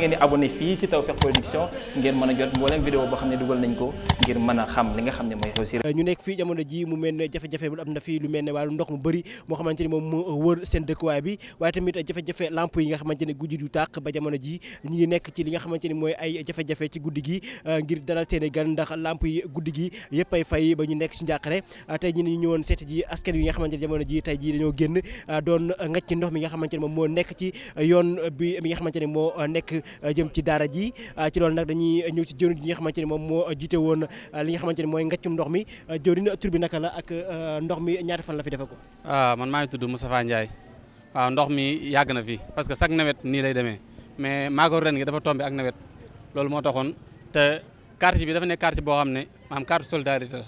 ngeen di abonné fii ci Tawfekh Production ngeen mën a jot mboolem vidéo boo xam ne dugal nañ ko ngir mën a xam ne mooy xew ci ñu nekk fii jamono ji mu mel jafe-jafe bu yi nga xamante guddi du ñu nekk ci li nga xamante mooy ay jafe-jafe ci guddi gi euh, ngir dalal seen i gan yi guddi gi yëpp ay fay ba ñu nekk ci njàqare euh, tey ñi ñu ñëwoon seet ji askan yi nga xamante jamono ji tey ji dañoo génn euh, doon ngacc ndox mi nga xamante Euh, jëm ci daara ji euh, ci loolu nag dañuy ñëw ci jëwriñ ji nga xamante ni moom moo jiite woon euh, li nga xamante ni mooy ngàccum ndox mi bi naka la ak ndox mi ñaata fan la fi defe ko ah man maa ngi tudd Moustapha ah, ndox mi yàgg na fi parce que chaque nawet nii lay demee mais maa ko gi dafa tombé ak nawet loolu moo taxoon te bi dafa boo xam ne maam carte solidarité la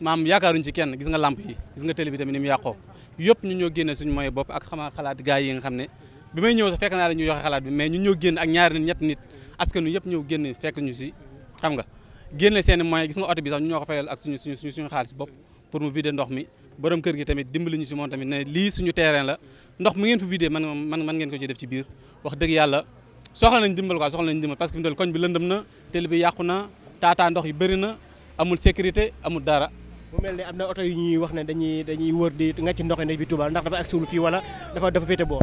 maam yaakaaruñ ci kenn gis nga lamp yi gis nga télé bi tamit ni mu yàqoo yëpp ñu ñoo génne suñu mooy bopp ak xama xalaat gars yi nga xam ne bi may ñëw sax fekk naa ñu joxe xalaat bi mais ñun ñoo génn ak ñaari nit ñett nit askan wi yëpp ñëw génn fekk ñu si xam nga génne seen i moyens gis nga oto bi sax ñu ñoo ak suñu suñu suñu suñu xaalis bopp pour mu vider ndox mi borom kër gi tamit dimbali ñu si moom tamit ne lii suñu terrain la ndox mu ngeen fi vider man man man ngeen ko ci def ci biir wax dëgg yàlla soxla nañ dimbal quoi soxla nañ dimbal parce que fi koñ bi lëndëm na télé bi yàqu na taataa ndox yi bëri na amul sécurité amul dara mu mel ne am na oto yi ñuy wax ne dañuy dañuy wër di nga ci ndox ne bi ndax fii wala dafa dafa féete boor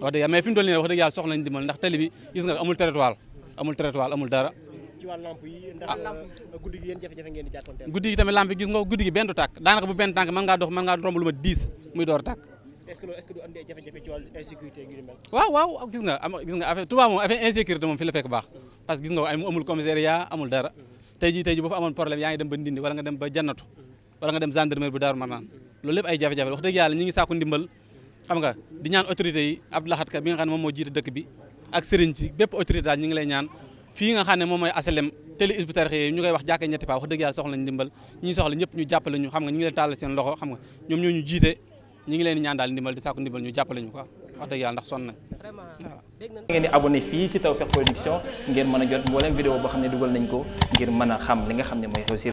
wax dëgg yàlla fi mu toll nii wax dëgg yàlla soxla nañ ndax tali gis nga amul amul territoire amul dara ah. guddi gi tamit lamp gis nga guddi gi benn du tàkk daanaka bu benn tànk mën ngaa dox mën nga am gis nga la dem ba ndindi wala nga dem ba bu daaru mar loolu lépp ay jafe-jafe wax dëgg yàlla ñi ngi ndimbal xam nga di ñaan autorités yi Abdou Lahad Ka nga xam ne moom moo jiite dëkk bi ak sëriñ si bépp autorité daal ñu ngi lay ñaan fii nga xam ne moom mooy asalem télé Hizbut Tarqiyyah yi ñu koy wax jàkkee ñetti paa wax dëgg yàlla soxla ndimbal ñi soxla ñëpp ñu jàppale ñu xam nga ñu jiite ñu ngi leen ñaan daal ndimbal di sàkku ndimbal ñu jàppale ñu quoi wax dëgg yàlla ndax sonn